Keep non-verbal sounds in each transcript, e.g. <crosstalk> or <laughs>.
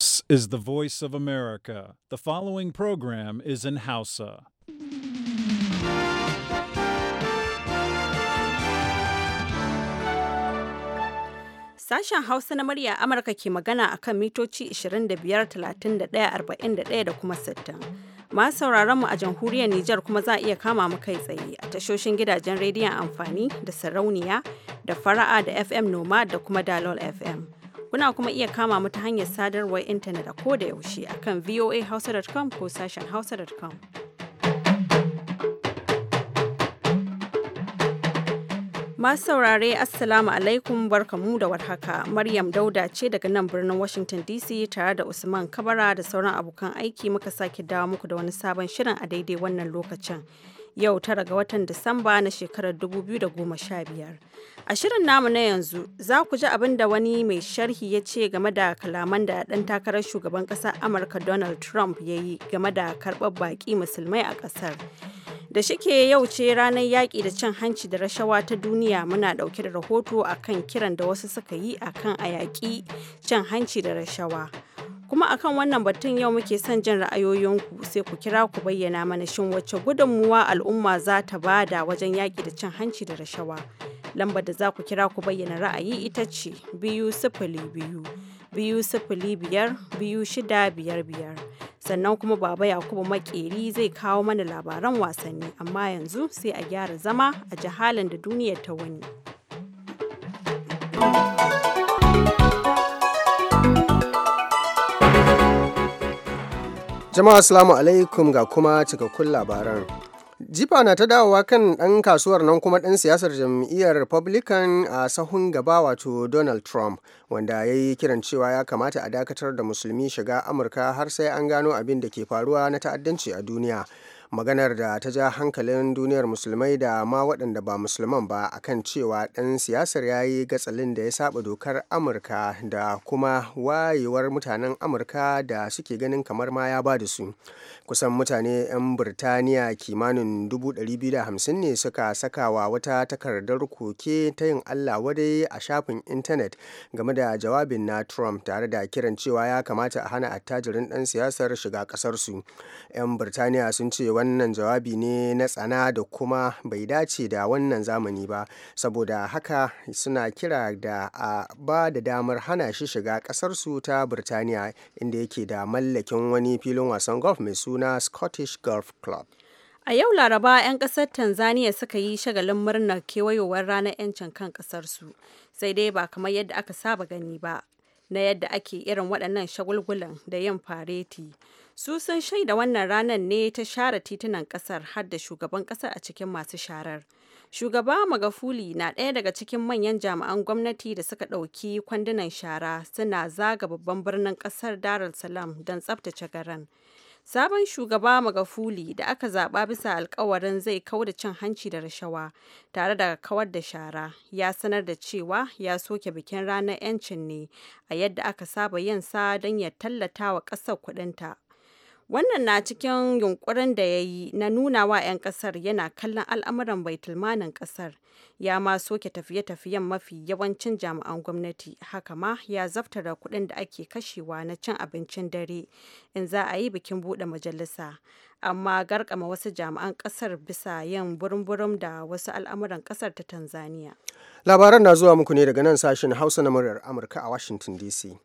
This is the voice of America. The following program is in Hausa. Sashen Hausa na murya Amurka ke magana a kan mitoci 25, 31, 41 da kuma 60. ma sauraron mu a jamhuriyar Nijar kuma za a iya kama mu kai tsaye a tashoshin gidajen rediyon amfani da sarauniya da fara'a da FM Noma da kuma Dalol FM. Kuna kuma iya kama mu ta hanyar sadarwar intanet a ko da yaushe akan voahausa.com ko sashen hausa.com. Masu saurare Assalamu alaikum barkamu da warhaka. Maryam Dauda ce daga nan birnin Washington DC tare da Usman Kabara da sauran abokan aiki muka sake dawo muku da wani sabon shirin a daidai wannan lokacin. yau tara ga watan Disamba na shekarar 2015. A shirin namu na yanzu za ku ji abin da wani mai sharhi ya ce game da kalaman da ɗan takarar shugaban ƙasar Amurka Donald Trump ya yi game da karɓar baƙi musulmai a ƙasar. Da shike yau ce ranar yaƙi da cin hanci da rashawa ta duniya muna ɗauke da rahoto akan kiran da wasu suka yi akan a yaƙi cin hanci da rashawa. Kuma akan wannan batun yau muke son jin ra'ayoyinku sai ku kira ku bayyana mana shin wacce gudunmuwa al'umma za ta bada wajen yaƙi da cin hanci da rashawa. Lambar da za ku kira ku bayyana ra'ayi ita ce biyu sifili biyu biyu sifili biyar biyu shida biyar biyar. sannan kuma baba yakubu makeri zai kawo mana labaran wasanni amma yanzu sai a gyara zama a jihalin da duniyar ta wani. Jama'a Assalamu alaikum ga kuma cikakkun labaran. jifa na ta dawowa kan ɗan kasuwar nan kuma ɗan siyasar jam'iyyar republican a sahun gaba wato donald trump wanda ya yi kiran cewa ya kamata a dakatar da musulmi shiga amurka har sai an gano abin da ke faruwa na ta'addanci a duniya maganar da ta ja hankalin duniyar musulmai da ma waɗanda ba musulman ba a kan cewa ɗan siyasar ya yi gatsalin da ya saba dokar amurka da kuma wayewar mutanen amurka da suke ganin kamar ma ya ba da su kusan mutane 'yan birtaniya kimanin 250 ne suka saka wa wata takardar koke ta yin allah wadai a shafin intanet game da jawabin na trump tare da kiran cewa ya kamata a hana attajirin ɗan siyasar shiga kasarsu 'yan birtaniya sun ce wannan jawabi ne na tsana da kuma bai dace da wannan zamani ba saboda haka suna kira da a ba da damar hana shi shiga kasarsu ta birtaniya inda yake da mallakin wani filin wasan golf mai suna scottish golf club A yau Laraba 'yan ƙasar Tanzania suka yi shagalin murnar kewayowar ranar 'yancin kan ƙasarsu, sai dai ba kamar yadda aka saba gani ba, na yadda ake irin waɗannan shagulgulan da yin fareti. Su sun shaida wannan ranar ne ta share titunan kasar har da shugaban kasar a cikin masu sharar. Shugaba Magafuli na ɗaya daga cikin manyan jami'an gwamnati da suka ɗauki kwandunan shara suna zaga babban birnin ƙasar Dar es Salaam don tsabtace garin. Sabon shugaba Magafuli da aka zaɓa bisa alkawarin zai kauda cin hanci da rashawa tare da kawar da shara ya sanar da cewa ya soke bikin ranar 'yancin ne a yadda aka saba yin sa don ya tallata wa ƙasar kuɗinta Wannan na cikin yunkurin da ya yi na nuna wa 'yan kasar yana kallon al'amuran baitulmanin kasar. Ya ma soke tafiye-tafiyen mafi yawancin jami'an gwamnati, haka ma ya zaftara kuɗin da ake kashewa na cin abincin dare in za a yi bikin buɗe majalisa. Amma garkama wasu jami'an kasar bisa yin burum-burum da wasu al'amuran kasar ta Tanzania. Labaran na zuwa muku ne daga nan sashen Hausa na muryar Amurka a Washington DC.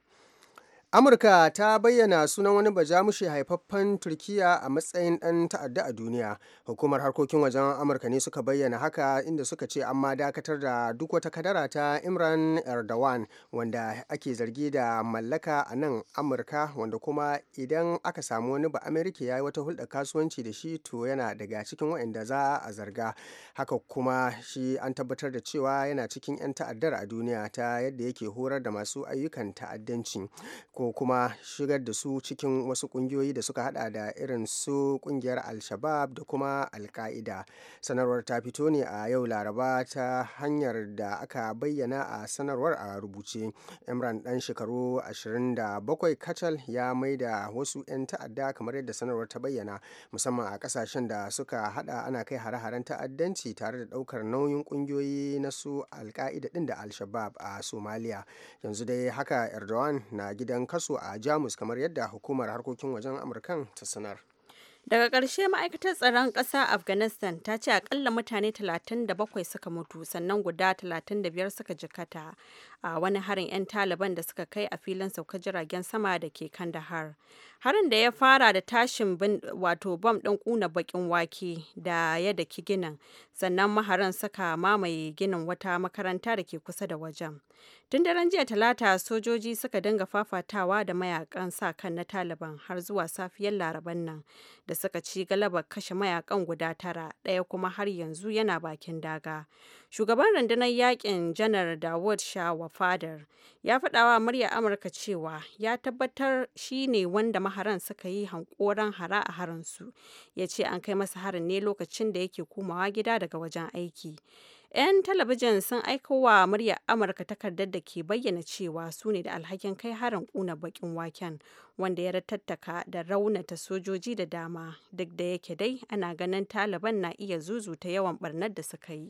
amurka ta bayyana sunan wani bajamushi haifaffen turkiya a matsayin ɗan ta'adda a duniya hukumar harkokin wajen amurka ne suka bayyana haka inda suka ce an ma dakatar da duk wata kadara ta imran erdogan wanda ake zargi da mallaka a nan amurka wanda kuma idan aka samu wani ba amerika ya yi wata hulɗa kasuwanci da shi to yana daga cikin wa'inda za a zarga haka kuma shi an tabbatar da cewa yana cikin 'yan ta'addar a duniya ta yadda yake horar da masu ayyukan ta'addanci ko kuma shigar da su cikin wasu kungiyoyi da suka hada da irin su kungiyar al-shabab da kuma al-qaida sanarwar ta fito ne a yau laraba ta hanyar da aka bayyana a sanarwar a rubuce imran dan shekaru 27 kacal ya maida wasu 'yan ta'adda kamar yadda sanarwar ta bayyana musamman a kasashen da suka hada ana kai hare-haren ta'addanci tare da daukar nauyin kungiyoyi na su al-qaida din da al-shabab a somalia yanzu dai haka erdogan na gidan kaso a jamus kamar yadda hukumar harkokin wajen amurkan ta sanar daga ƙarshe ma'aikatar tsaron ƙasa afghanistan ta ce akalla mutane 37 suka mutu sannan guda 35 suka jikata a wani harin 'yan taliban da suka kai a filin saukar jiragen sama da ke kandahar harin da ya fara da tashin wato bam ɗin kuna bakin wake da ya daki ginin sannan maharan suka mamaye ginin wata makaranta da ke kusa da wajen tun daren jiya talata sojoji suka dinga fafatawa da mayakan sa kan na taliban har zuwa safiyar laraban nan da suka ci galabar kashe mayakan guda tara ɗaya kuma har yanzu yana bakin daga shugaban rundunar yakin janar dawud shawa fadar ya faɗawa murya amurka cewa ya tabbatar shi ne wanda maharan suka yi hankoran hara a harinsu ya ce an kai masa harin ne lokacin da yake komawa gida daga wajen aiki 'yan talabijin sun aiko wa murya amurka takardar da ke bayyana cewa su ne da alhakin kai harin kuna bakin waken wanda ya ratattaka da raunata sojoji da dama duk da yake dai ana ganin taliban na iya zuzuta yawan barnar da suka yi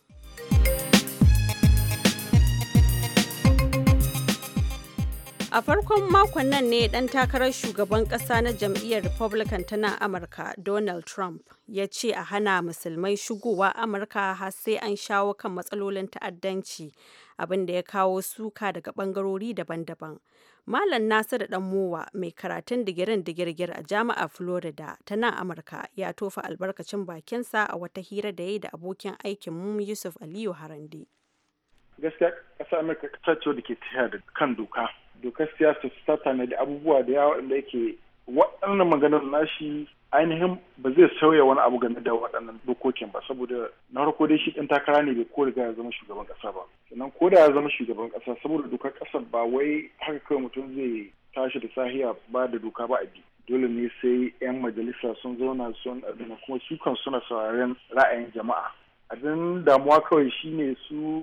A farkon makon nan ne ɗan takarar shugaban ƙasa na jam'iyyar Republican ta nan Amurka Donald Trump ya ce a hana musulmai shigowa Amurka har sai an shawo kan matsalolin ta'addanci abinda ya kawo suka daga ɓangarori daban-daban. Malam Nasiru mowa mai karatun digirin digirgir a jami'ar Florida ta nan Amurka ya tofa albarkacin bakinsa a wata hira da ya yi da abokin aikin mu Yusuf Aliyu Harande. Gaskiya ƙasa Amurka ƙasa ce da ke tsaya da kan doka dokar siyasa ta tanadi abubuwa da yawa inda yake waɗannan maganar nashi ainihin ba zai sauya wani abu game da waɗannan dokokin ba saboda na farko dai shi ɗan takara ne bai ko riga ya zama shugaban ƙasa ba sannan ko da ya zama shugaban ƙasa saboda dokar ƙasar ba wai haka kawai mutum zai tashi da sahiya ba da doka ba a bi dole ne sai 'yan majalisa sun zauna sun adana kuma su kan suna sauraren ra'ayin jama'a abin damuwa kawai shine su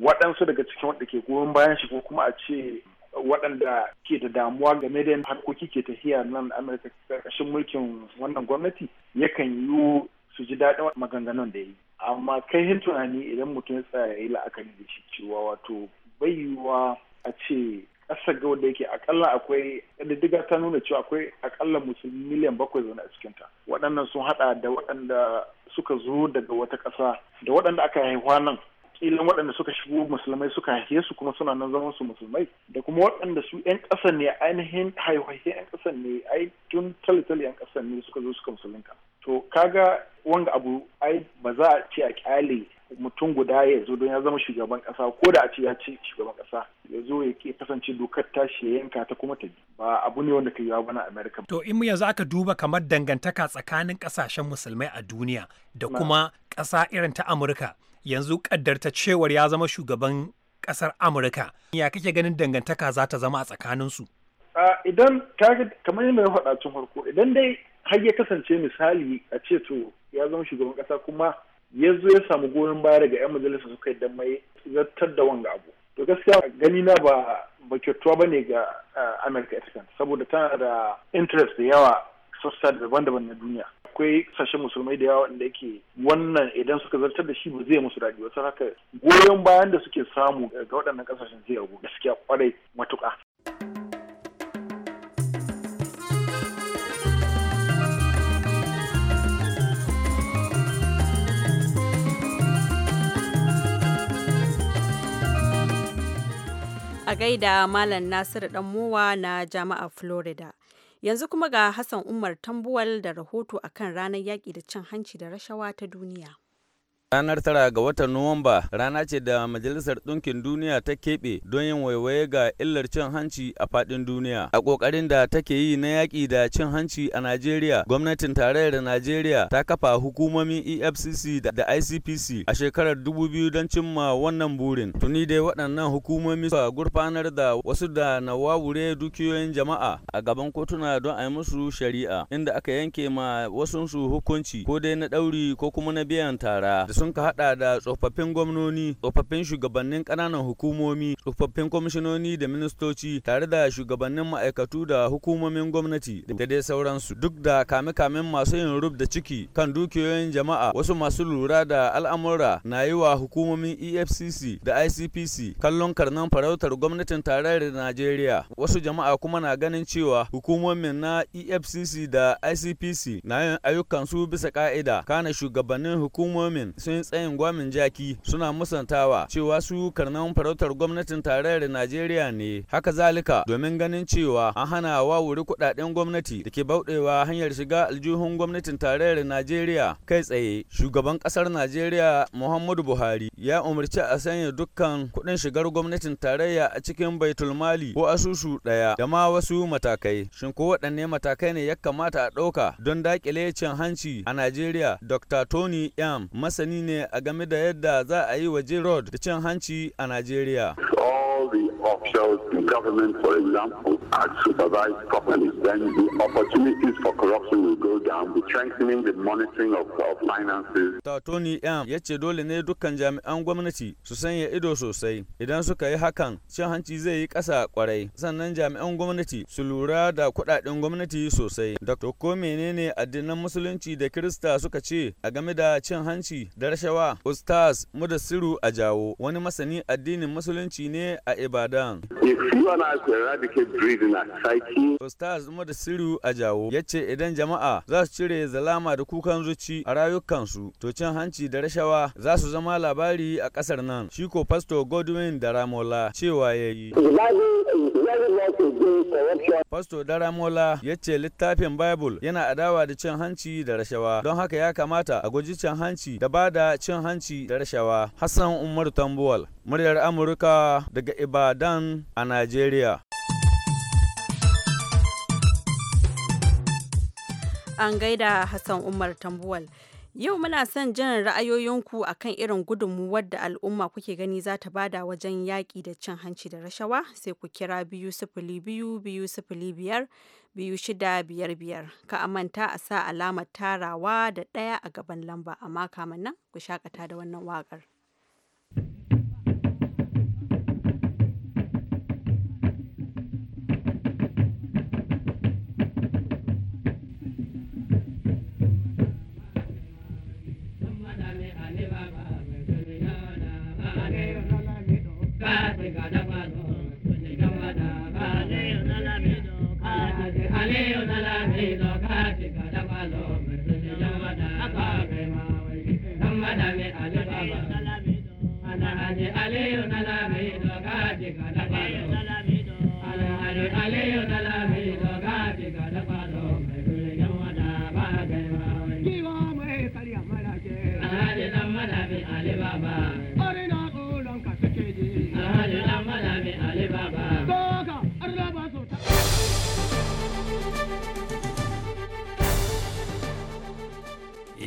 waɗansu daga cikin wanda ke goyon bayan shi ko kuma a ce waɗanda ke da damuwa game da harkoki ke tafiya nan amurka ƙarƙashin mulkin wannan gwamnati yakan yi su ji daɗin maganganun da ya yi amma kai hin tunani idan mutum ya tsaya ya yi la'akari da shi cewa wato bai yiwuwa a ce ƙasa ga wanda yake akalla akwai diddiga ta nuna cewa akwai akalla musulmi miliyan bakwai zaune a cikinta waɗannan sun haɗa da waɗanda suka zo daga wata ƙasa da waɗanda aka haihuwa nan kilan waɗanda suka shigo musulmai suka haife su kuma suna nan zaman su musulmai da kuma waɗanda su ƴan ƙasa ne ainihin haihuwa ƴan ƙasa ne ai tun talitali ƴan ƙasa ne suka zo suka musulunta to kaga wanga abu ai ba za a ce a kyale mutum guda ya zo don ya zama shugaban ƙasa ko da a ce ya ce shugaban ƙasa ya zo ya ke kasance dokar tashi ya yanka ta kuma ta ba abu ne wanda ka yi bana Amerika. To in yanzu aka duba kamar dangantaka tsakanin ƙasashen musulmai a duniya da kuma ƙasa irin ta Amurka yanzu kaddar ta cewar ya zama shugaban kasar amurka ya kake ganin dangantaka za ta zama a tsakanin su. idan kamar yadda na faɗa tun farko idan dai har ya kasance misali a ce to ya zama shugaban kasa kuma ya zo ya samu goyon baya daga 'yan majalisa suka yi mai zartar da wanga abu to gaskiya gani na ba ba kyautuwa ba ne ga amurka ita saboda tana da interest da yawa sassa daban-daban na duniya akwai kasashen musulmai da yawa wanda yake wannan idan suka zartar da shi ba zai musu daɗi wasu haka goyon bayan da suke samu ga waɗannan kasashen zai ragu gaskiya kwarai matuƙa. a gaida Malam Nasiru mowa na jama'a Florida. Yanzu kuma ga Hassan Umar Tambuwal da rahoto akan ranar yaƙi da cin hanci da rashawa ta duniya. Ranar tara ga watan Nuwamba rana ce da Majalisar Ɗinkin Duniya ta keɓe don yin waiwaye ga illar cin hanci a faɗin duniya. A ƙoƙarin da take yi na yaƙi da cin hanci a Najeriya, gwamnatin tarayyar Najeriya ta kafa hukumomin EFCC da ICPC a shekarar 2000 don cimma wannan burin. Tuni dai waɗannan hukumomi suka gurfanar da wasu da na wawure dukiyoyin jama'a a gaban kotuna don a yi musu shari'a, inda aka yanke ma wasunsu hukunci ko dai na ɗauri ko kuma na biyan tara. sun ka hada da tsofaffin gwamnoni tsofaffin shugabannin kananan hukumomi tsofaffin kwamishinoni da ministoci tare da shugabannin ma'aikatu da hukumomin gwamnati da dai sauransu duk da kame-kamen masu yin rub da ciki kan dukiyoyin jama'a wasu masu lura da al'amura na yi wa hukumomin efcc da icpc kallon karnan farautar gwamnatin tarayyar najeriya wasu jama'a kuma na ganin cewa hukumomin na efcc da icpc na yin ayyukansu bisa ka'ida kana shugabannin hukumomin sun tsayin gwamin jaki suna musantawa cewa su karnan farautar gwamnatin tarayyar Najeriya ne. Haka zalika domin ganin cewa an hana wa wuri kuɗaɗen gwamnati da ke bauɗewa hanyar shiga aljihun gwamnatin tarayyar Najeriya kai tsaye. Shugaban ƙasar Najeriya Muhammadu Buhari ya umarci a sanya dukkan kuɗin shigar gwamnatin tarayya a cikin baitulmali ko asusu ɗaya da ma wasu matakai. Shin ko waɗanne matakai ne ya kamata a ɗauka don daƙile cin hanci a Najeriya? Dr. Tony M. masani martani ne a game da yadda za a yi wa J-Rod da cin hanci a Najeriya. All the options, the government, for example, are supervised properly, for corruption go down. The strengthening the monitoring of, of finances. Ta Tony M ya ce dole ne dukkan jami'an gwamnati su sanya ido sosai. Idan suka yi hakan, cin hanci zai yi ƙasa kwarai. Sannan jami'an gwamnati su lura da kuɗaɗen gwamnati sosai. Dr. Ko menene addinan musulunci da Kirista suka ce a game da cin hanci da rashawa? Ustaz a jawo wani masani addinin musulunci ne a Ibadan. If you eradicate greed suna sake. Ustaz Umar Siru Ajawo ya ce idan jama'a za su cire zalama da kukan zuci a rayukansu to cin hanci da rashawa za su zama labari a kasar nan. shiko ko Pastor Godwin Daramola cewa ya yi. Pastor Daramola ya ce littafin Bible yana adawa da cin hanci da rashawa don haka ya kamata a guji cin hanci da bada cin hanci da rashawa. Hassan Umar Tambuwal, muryar Amurka daga Ibadan a Najeriya. An gaida Hassan Umar Tambuwal. Yau muna son jin ra'ayoyinku kan irin gudunmuwar da al'umma kuke gani za ta bada wajen yaƙi da cin hanci da rashawa sai ku kira biyu sifili biyu biyu sifili biyar biyu shida biyar biyar ka amanta a sa alamar tarawa da ɗaya a gaban lamba amma kamannan ku shaƙata da wannan waƙar.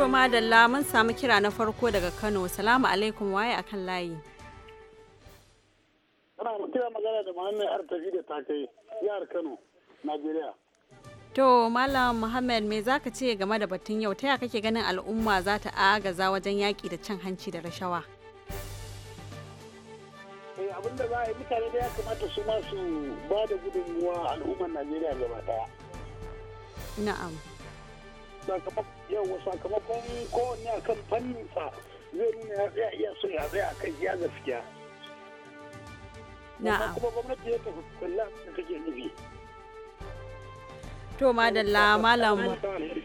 To madalla mun samu kira na farko daga Kano. Salamu alaikum waye a kan layi. Ana kira magana da Muhammad Artafi da Takai, jihar Kano, nigeria. To Malam Muhammad me zaka ce game da batun yau ta kake ganin al'umma za ta agaza wajen yaƙi da cin hanci da rashawa? Eh, abin da za a yi mutane da ya kamata su masu ba da gudunmuwa al'ummar Najeriya gaba ɗaya. Na'am. sakamakon kowane a kan fanninsa zai nuna ya tsaya iya so ya tsaya a kan iya gaskiya. Na'am. Kuma gwamnati ya tafi kula da take nufi. To madalla Malam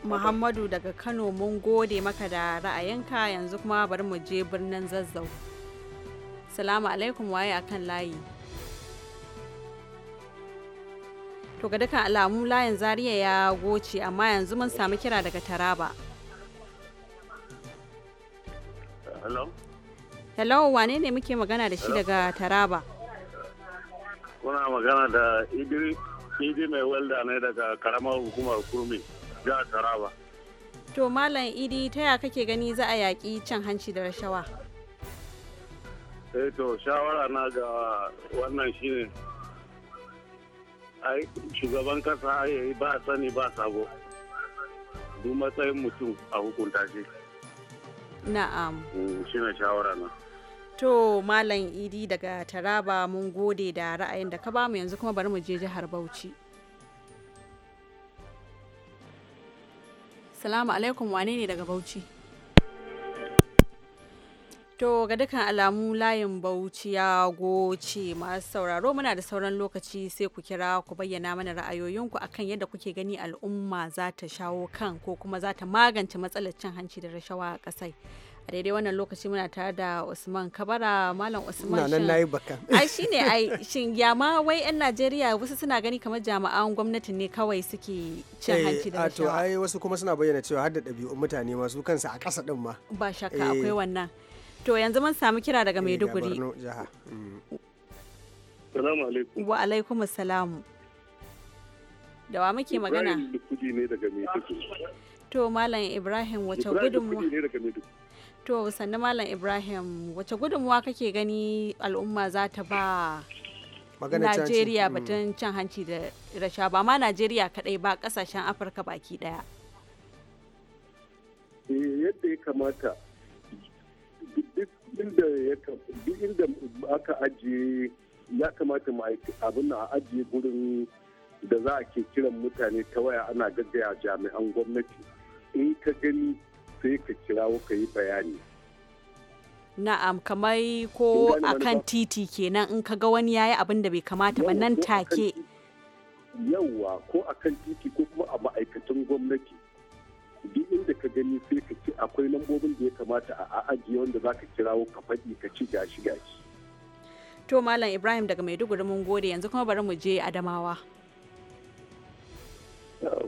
Muhammadu daga Kano mun gode maka da ra'ayinka yanzu kuma bari mu je birnin Zazzau. Salamu alaikum waye akan layi. To ga dukkan alamu layin Zaria ya goce amma yanzu mun samu kira daga Taraba. Hello? Hello, wane ne muke magana da shi daga Taraba? Kuna magana da Idi mai welda ne daga karamar hukumar Kurmi, jihar Taraba. To Malam Idi ta ya kake gani za a yaƙi cin hanci da rashawa? Eh to shawara na ga wannan shine shugaban kasa ya yi ba sani ba sabo duk matsayin mutum a hukunta shi na'am eh, shi na shawara na to malam idi daga taraba mun gode da ra'ayin da ka bamu yanzu kuma bari mu je jihar bauchi salamu alaikum wane ne daga bauchi To ga dukkan alamu layin Bauchi ya goce masu sauraro muna da sauran lokaci sai ku kira ku bayyana mana ra'ayoyinku akan yadda kuke gani al'umma za ta shawo kan ko kuma za ta magance matsalar cin hanci da rashawa a ƙasai. a daidai wannan lokaci muna tare da Usman Kabara Malam Usman na nan baka <laughs> ai ne ai shin ya ma wai yan Najeriya wasu suna gani kamar jami'an gwamnati ne kawai suke cin eh, hanci da rashawa to ai wasu kuma suna bayyana cewa har da ɗabi'un mutane ma su kansu a ƙasa ɗin ma ba shakka akwai eh. wannan To yanzu mun samu kira daga eh, Maiduguri. Salamu alaikum. Wa alaikum salamu. Da wa muke magana? ne daga To Malam Ibrahim wace gudunmuwa? To sannu Malam Ibrahim wace gudunmuwa kake gani al'umma za ta ba Najeriya batun hmm. cin hanci da rasha ba ma Najeriya kadai ba kasashen Afirka baki daya. Eh, yadda ya kamata duk inda ya duk aka ajiye ya kamata abin a ajiye gurin da za a ke kiran mutane ta waya ana gaggaya jami'an gwamnati in ka gani sai ka kirawo ka yi bayani na'am kamar ko a kan titi kenan in ka ga wani yayi abin da bai kamata ba nan take yauwa ko a kan titi ko kuma a dabbobin da ya kamata a ajiye wanda za ka kirawo ka faɗi ka ci gashi gashi. To Malam Ibrahim daga Maiduguri mun gode yanzu kuma bari mu je Adamawa.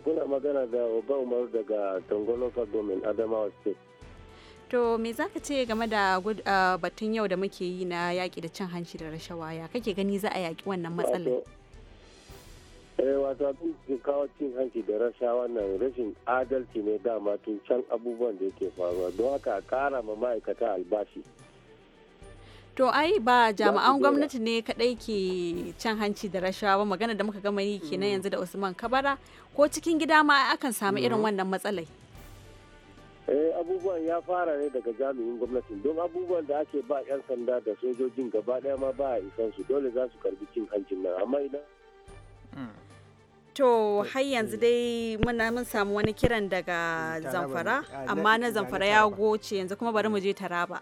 Kuna magana da Oba Umar daga Tongolo domin Adamawa State. To me za ka ce game da ah, batun yau da muke yi na yaƙi da cin hanci da rashawa ya kake gani za a yaƙi wannan matsalar? eh wato abin kawo cin hanci da rashawa nan rashin adalci ne dama tun can abubuwan da yake faruwa don haka a kara ma ma'aikata albashi to ai ba jami'an gwamnati ne kadai ke can hanci da rashawa magana da muka gama yi kenan hmm. yanzu da usman kabara ko cikin gida ma akan samu irin hmm. wannan matsalai eh abubuwan ya fara ne daga jami'in gwamnati don abubuwan da ake ba 'yan sanda da sojojin gaba daya ma ba a isan su dole za su karbi cin hancin nan amma idan hmm. to har yanzu eh. dai muna mun samu wani kiran daga zamfara ah, amma na zamfara ya goce yanzu kuma bari mu je taraba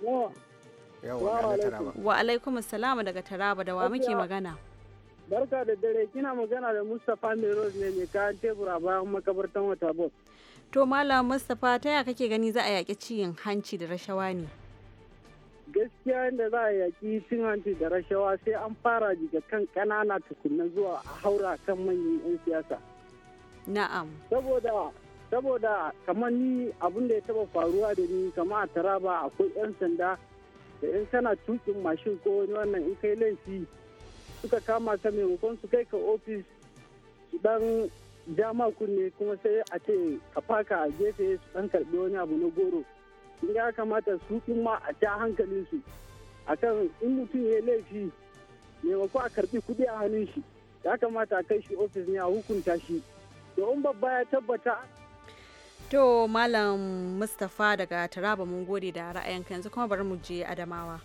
wa alaikum salam daga taraba da wa muke magana barka da dare kina magana da mustapha miros ne mai kayan tebur a bayan makabartan wata to malam mustapha ta ya kake gani za a yaƙi ciyin hanci da rashawa ne gaskiya da za a yaki cin hanci da rashawa sai an fara daga kan ƙanana tukunna zuwa a haura kan manyan 'yan siyasa. Na'am. Saboda saboda kamar ni abin da ya taba faruwa da ni kamar a taraba akwai 'yan sanda da in kana tukin mashin ko wani wannan in kai laifi suka kama ka maimakon su kai ka ofis dan jama kunne kuma sai a ce ka faka a gefe su dan karbi wani abu na goro ya kamata su kuma ma a ta hankalin su akan in mutum ya laifi maimako a karbi kuɗi a hannun shi ya kamata a kai shi ofis ne a hukunta shi to in babba ya tabbata to malam mustapha daga taraba mun gode da ra'ayinka yanzu kuma bari mu je adamawa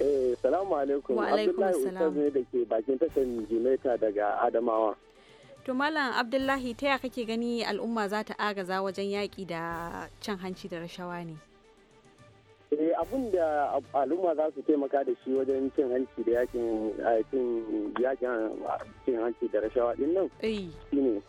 Eh, salamu alaikum. Abdullahi Ustaz ne da ke bakin tashar jimaita daga Adamawa. to malam abdullahi ta ya kake gani al'umma za ta agaza wajen yaƙi da cin hanci da rashawa ne eh, abun da al'umma za su taimaka da shi wajen cin hanci da yakin eh, ah, cin hanci da rashawa din nan ne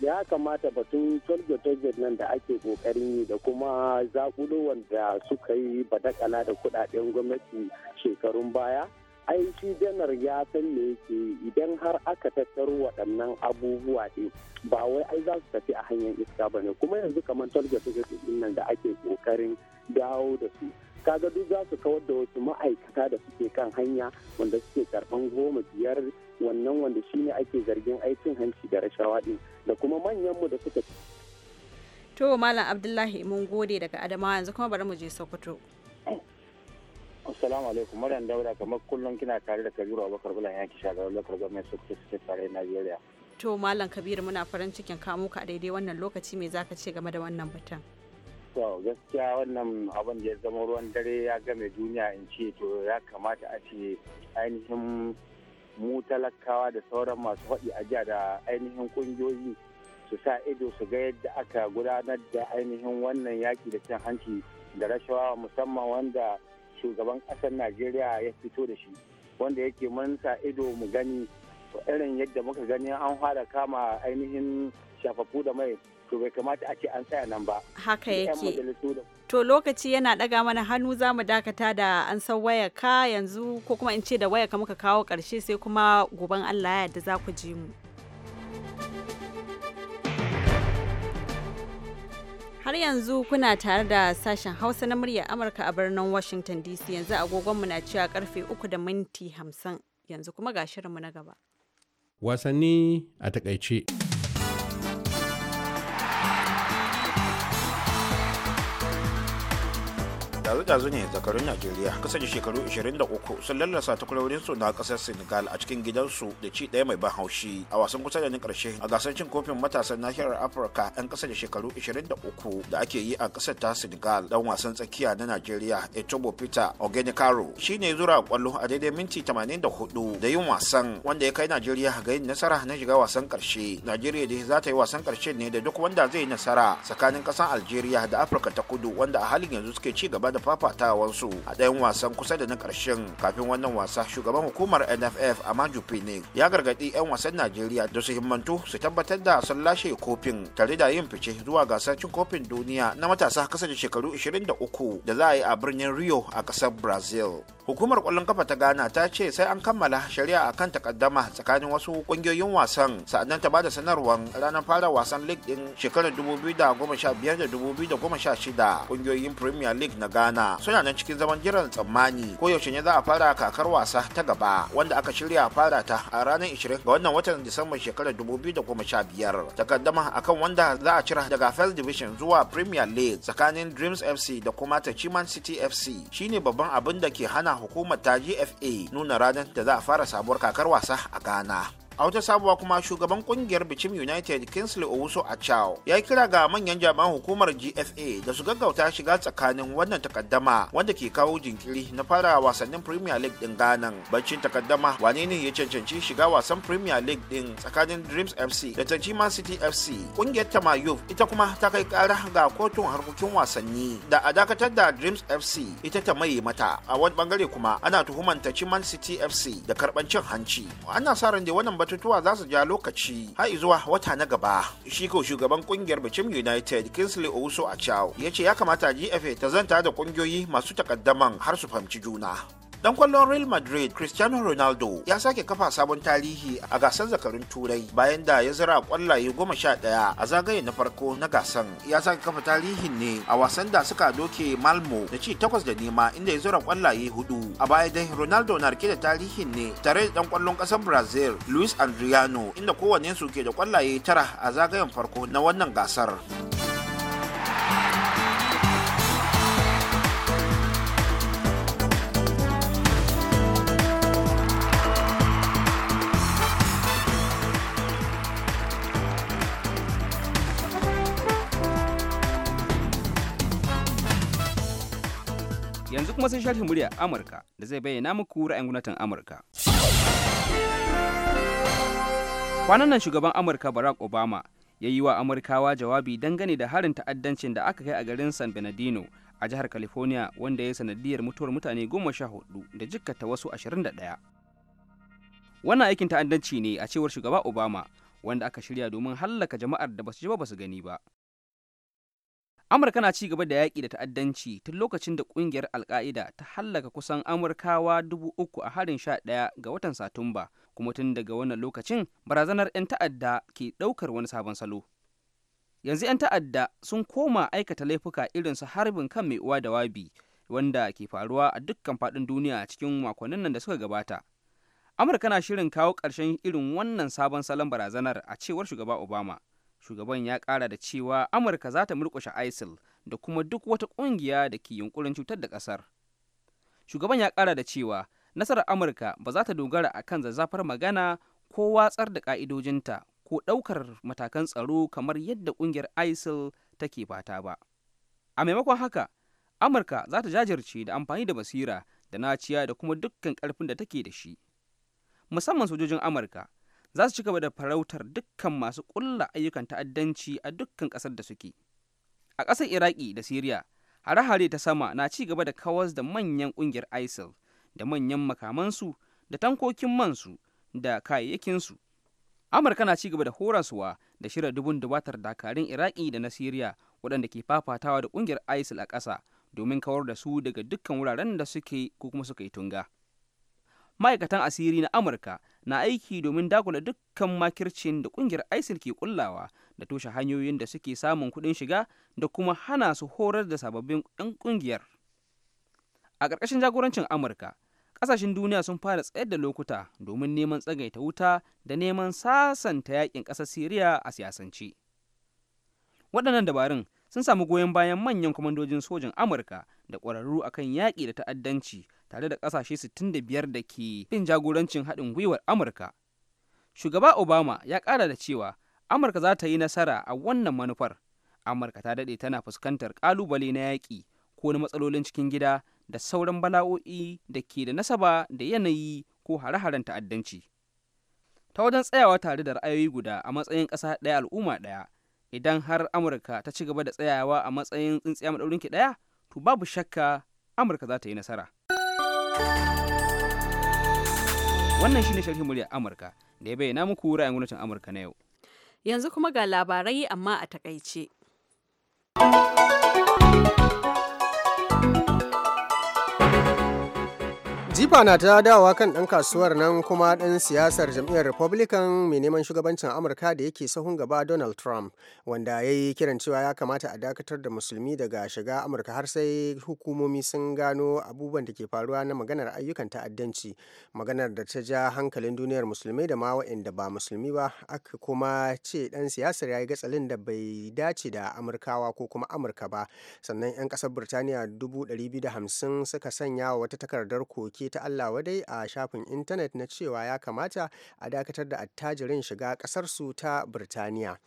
ya kamata batun tolge nan da ake kokarin yi da kuma zakulo da suka yi badakala da kudaden gwamnati shekarun baya aiki janar ya san me yake idan har aka tattaro waɗannan abubuwa ɗin ba wai ai za su tafi a hanyar iska ba ne kuma yanzu kamar target ɗin nan da ake ƙoƙarin dawo da su kaga duk za su kawar da wasu ma'aikata da suke kan hanya wanda suke karɓan goma biyar wannan wanda shi ne ake zargin aikin hanci da rashawa ɗin da kuma manyanmu da suka to malam abdullahi mun gode daga adamawa yanzu kuma bari mu je sokoto eh, Assalamu alaikum Maryam Daura kamar kullum kina tare da Kabiru Abubakar Bulan yaki shagarar lokar gwamnati suka tare Najeriya. To Malam Kabiru muna farin cikin kamo ka daidai wannan lokaci me zaka ce game da wannan batun? To gaskiya wannan abin da ya zama ruwan dare ya game duniya in ce to ya kamata a ce ainihin mu talakawa da sauran masu faɗi a jiya da ainihin ƙungiyoyi su sa ido su ga yadda aka gudanar da ainihin wannan yaƙi da cin hanci da rashawa musamman wanda shugaban ƙasar najeriya ya fito da shi wanda yake mun sa ido mu gani irin yadda muka gani an fara kama ainihin shafafu da mai to bai kamata a ce an tsaya nan ba haka yake to lokaci yana ɗaga mana hannu za mu dakata da an san waya yanzu ko kuma in ce da waya ka muka kawo ƙarshe sai kuma goben allah ya yadda za ku ji mu Har yanzu kuna tare da sashen Hausa na muryar Amurka a birnin Washington DC yanzu agogonmu na cewa karfe 3 da minti 50 yanzu kuma ga shirinmu na gaba. Wasanni a takaice. dazu-dazu ne zakarun najeriya kasa da shekaru 23 sun lallasa su na kasar senegal a cikin gidansu da ci daya mai ban haushi a wasan kusa da na karshe a gasar cin kofin matasan nahiyar afirka 'yan kasa da shekaru 23 da ake yi a kasar ta senegal dan wasan tsakiya na najeriya etobo peter Ogenekaro shine zura kwallo a daidai minti 84 da yin wasan wanda ya kai najeriya ga yin nasara na shiga wasan karshe najeriya dai za ta yi wasan karshe ne da duk wanda zai yi nasara tsakanin kasar algeria da afirka ta kudu wanda a halin yanzu suke ci gaba da da fafatawansu a ɗayan wasan kusa da na karshen kafin wannan wasa shugaban hukumar nff a pinnick ya gargaɗi 'yan wasan najeriya da su himmantu su tabbatar da sun lashe kofin tare da yin fice zuwa gasar cin kofin duniya na matasa kasa da shekaru 23 da za a yi a birnin rio a kasar brazil hukumar kwallon kafa ta ghana ta ce sai an kammala shari'a a kan takaddama tsakanin wasu kungiyoyin wasan sa'annan ta bada sanarwar ranar fara wasan league din shekarar 2015 da 2016 kungiyoyin premier league na ghana rana suna nan cikin zaman jiran tsammani ko yaushe ne za a fara kakar wasa ta gaba wanda aka shirya fara ta a ranar 20 ga wannan watan Disambar shekarar biyar takaddama akan wanda za a cira daga First Division zuwa Premier League tsakanin Dreams FC da kuma Tachiman City FC shine babban abin da ke hana hukumar ta GFA nuna ranar da za a fara sabuwar kakar wasa a Ghana. a wata sabuwa kuma shugaban kungiyar bikin united kinsley owusu achao ya kira ga manyan jami'an hukumar gfa da su gaggauta shiga tsakanin wannan takaddama wanda ke kawo jinkiri na fara wasannin premier league din ganan baccin takaddama wane ne ya cancanci shiga wasan premier league din tsakanin dreams fc da tajima city fc kungiyar tama youth ita kuma ta kai kara ga kotun harkokin wasanni da a dakatar da dreams fc ita ta mai mata a wani bangare kuma ana tuhumanta ciman city fc da karban cin hanci ana sa ran da wannan batutuwa za su ja lokaci har zuwa wata na gaba shi ko shugaban kungiyar bichim united kinsley owusu a ya ce ya kamata gfa ta zanta da kungiyoyi masu takaddaman har su fahimci juna Dan kwallon Real Madrid Cristiano Ronaldo ya sake kafa sabon tarihi a gasar zakarun Turai bayan da ya zira kwallaye goma sha ɗaya a zagaye na farko na gasan. Ya sake kafa tarihin ne a wasan da suka doke Malmo da ci takwas da nema inda ya zira kwallaye hudu. A baya dai Ronaldo na rike da tarihin ne tare da dan kwallon ƙasar Brazil Luis Adriano inda kowanne su ke da kwallaye tara a zagayen farko na wannan gasar. wasan shafin murya Amurka da zai bayyana muku ra'ayin gwamnatin Amurka. Kwanan nan shugaban Amurka Barack Obama ya yi wa Amurkawa jawabi dangane da harin ta'addancin da aka kai a garin San Bernardino a jihar California wanda ya sanadiyar mutuwar mutane goma sha hudu da jikkata wasu ashirin da ɗaya. Wannan aikin ta'addanci ne a cewar shugaba Obama wanda aka shirya domin hallaka jama'ar da basu ji ba basu gani ba Amurka na ci gaba da yaƙi da ta'addanci tun lokacin da ƙungiyar Alƙa'ida ta hallaka kusan Amurkawa dubu uku a harin sha ɗaya ga watan Satumba, kuma tun daga wannan lokacin barazanar 'yan ta'adda ke ɗaukar wani sabon salo. Yanzu 'yan ta'adda sun koma aikata laifuka irin su harbin kan mai uwa da wabi, wanda ke faruwa a dukkan faɗin duniya cikin makonnin nan da suka gabata. Amurka na shirin kawo ƙarshen irin wannan sabon salon barazanar a cewar shugaba Obama. shugaban ya kara da cewa amurka za ta murkushe isil da kuma duk wata kungiya da ke yunkurin cutar da kasar shugaban ya kara da cewa nasarar amurka ba za ta dogara a kan zazzafar magana ko watsar da ka'idojinta ko ɗaukar matakan tsaro kamar yadda ƙungiyar isil take fata ba a maimakon haka amurka za ta jajirce da amfani da basira da naciya da kuma dukkan ƙarfin da take da shi musamman sojojin amurka za su ci gaba da farautar dukkan masu ƙulla ayyukan ta'addanci a dukkan ƙasar da suke a ƙasar iraki da siriya hare-hare ta sama na ci gaba da kawas da manyan ƙungiyar isil da manyan makamansu da tankokin mansu da kayayyakinsu amurka na ci gaba da horaswa da shirya dubun dubatar dakarun iraki da na siriya waɗanda ke fafatawa da ƙungiyar isil a ƙasa domin kawar da su daga dukkan wuraren da suke ko kuma suka yi tunga ma'aikatan asiri na amurka na aiki domin dakula dukkan makircin da kungiyar isil ke kullawa da toshe hanyoyin da suke samun kuɗin shiga da kuma hana su horar da sababbin 'yan kungiyar a ƙarƙashin jagorancin amurka ƙasashen duniya sun fara tsayar da lokuta domin neman tsagaita wuta da neman sasanta yakin ƙasar siriya a siyasance waɗannan dabarun sun samu goyon bayan manyan kwamandojin sojin amurka da ƙwararru akan yaƙi da ta'addanci tare da ƙasashe 65 da ke bin jagorancin haɗin gwiwar Amurka. Shugaba Obama ya ƙara da cewa Amurka za ta yi nasara a wannan manufar. Amurka ta daɗe tana fuskantar ƙalubale na yaƙi ko na matsalolin cikin gida da sauran bala'o'i da ke da nasaba da yanayi ko hare-haren ta'addanci. Ta wajen tsayawa tare da ra'ayoyi guda a matsayin ƙasa ɗaya al'umma ɗaya, idan har Amurka ta ci gaba da tsayawa a matsayin tsintsiya maɗaurinki ɗaya, to babu shakka Amurka za ta yi nasara. Wannan shine sharhin muryar Amurka da ya bayyana muku ra'ayin gwamnatin Amurka na yau. Yanzu kuma ga labarai amma a takaice. jifa na ta dawa kan ɗan kasuwar nan kuma ɗan siyasar jam'iyyar republican mai neman shugabancin amurka da yake sahun gaba donald trump wanda ya yi kiran cewa ya kamata a dakatar da musulmi daga shiga amurka har sai hukumomi sun gano abubuwan da ke faruwa na maganar ayyukan ta'addanci maganar da ta ja hankalin duniyar musulmai da ma wa'inda ba musulmi ba aka kuma ce ɗan siyasar ya yi gatsalin da bai dace da amurkawa ko kuma amurka ba sannan 'yan ƙasar birtaniya 250 suka sanya wa wata takardar koke ta Allah wadai a shafin intanet na cewa ya kamata a dakatar da attajirin shiga kasarsu ta Birtaniya.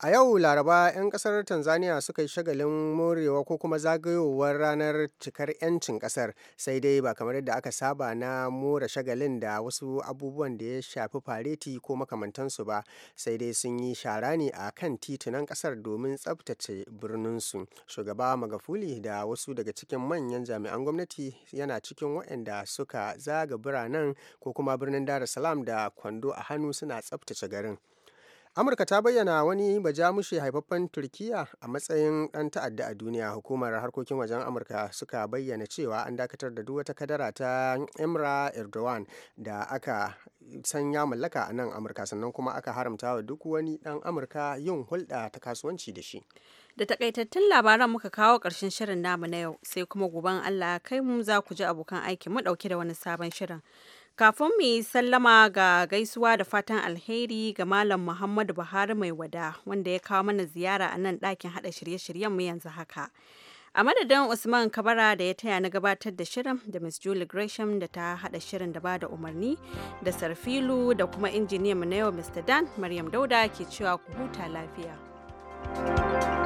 A yau Laraba 'yan kasar Tanzania suka yi shagalin morewa ko kuma zagayowar ranar cikar 'yancin kasar sai dai ba kamar yadda aka saba na more shagalin da wasu abubuwan da ya shafi fareti ko makamantansu ba sai dai sun yi shara ne a kan titunan kasar domin tsabtace birninsu. Shugaba Magafuli da wasu daga cikin manyan jami'an gwamnati yana cikin waɗanda suka zaga biranen ko kuma birnin Dar es Salaam da kwando a hannu suna tsabtace garin. amurka ta bayyana wani bajamushe haifaffen turkiya a matsayin ɗan ta'adda a duniya hukumar harkokin wajen amurka suka bayyana cewa an dakatar da duk wata kadara ta emra erdogan da aka sanya mallaka a nan amurka sannan kuma aka haramta wa duk wani ɗan amurka yin hulɗa ta kasuwanci da shi da takaitattun labaran muka kawo ƙarshen shirin namu na yau sai kuma goben allah kai mu za ku ji abokan aiki mu ɗauke da wani sabon shirin Kafin mu yi sallama ga gaisuwa da fatan alheri ga Malam Muhammadu Buhari mai wada wanda ya kawo mana ziyara a nan ɗakin haɗa shirye-shiryen mu yanzu haka. A madadin Usman Kabara da ya taya na gabatar da shirin da Miss Julie Gresham da ta haɗa shirin da ba da umarni da Sarfilu da kuma injiniyan mu na yau Mr. Dan Maryam Dauda ke cewa ku huta lafiya. thank you